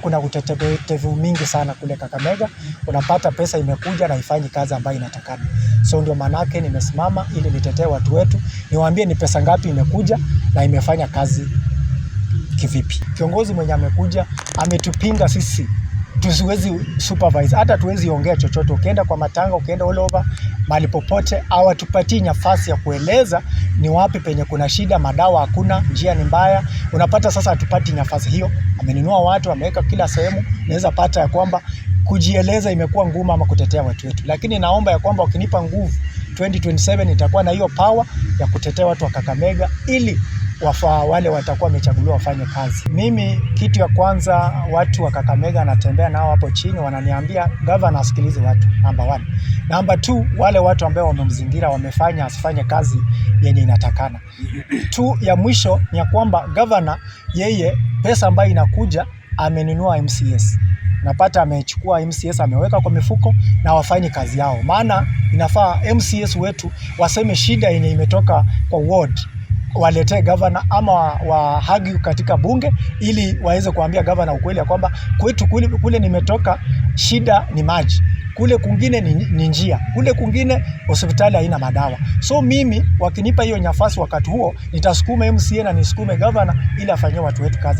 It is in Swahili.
Kuna utetevu mingi sana kule Kakamega, unapata pesa imekuja na ifanyi kazi ambayo inatakana. So ndio maanake nimesimama ili nitetee watu wetu, niwaambie ni pesa ngapi imekuja na imefanya kazi kivipi. Kiongozi mwenye amekuja ametupinga sisi tusiwezi supervise, hata tuwezi ongea chochote. Ukienda kwa matanga, ukienda all over, mahali popote hawatupatii nafasi ya kueleza ni wapi penye kuna shida, madawa hakuna, njia ni mbaya. Unapata sasa hatupati nafasi hiyo, amenunua watu, ameweka kila sehemu. Naweza pata ya kwamba kujieleza imekuwa ngumu ama kutetea watu wetu, lakini naomba ya kwamba ukinipa nguvu 2027 itakuwa na hiyo power ya kutetea watu wa Kakamega ili wafaa wale watakuwa wamechaguliwa wafanye kazi. Mimi kitu ya kwanza, watu wa Kakamega natembea nao hapo chini, wananiambia gavana asikilize watu, namba one. Namba two, wale watu ambao wamemzingira wamefanya asifanye kazi yenye inatakana tu. Ya mwisho ni ya kwamba gavana yeye, pesa ambayo inakuja amenunua MCS napata amechukua MCS ameweka kwa mifuko na wafanyi kazi yao, maana inafaa MCS wetu waseme shida yenye imetoka kwa ward waletee gavana ama wahagi wa katika bunge ili waweze kuambia gavana ukweli ya kwamba kwetu kule, kule nimetoka shida ni maji kule kungine ni njia, kule kungine hospitali haina madawa. So mimi wakinipa hiyo nafasi wakati huo nitasukuma MCA na nisukume gavana ili afanyie watu wetu kazi.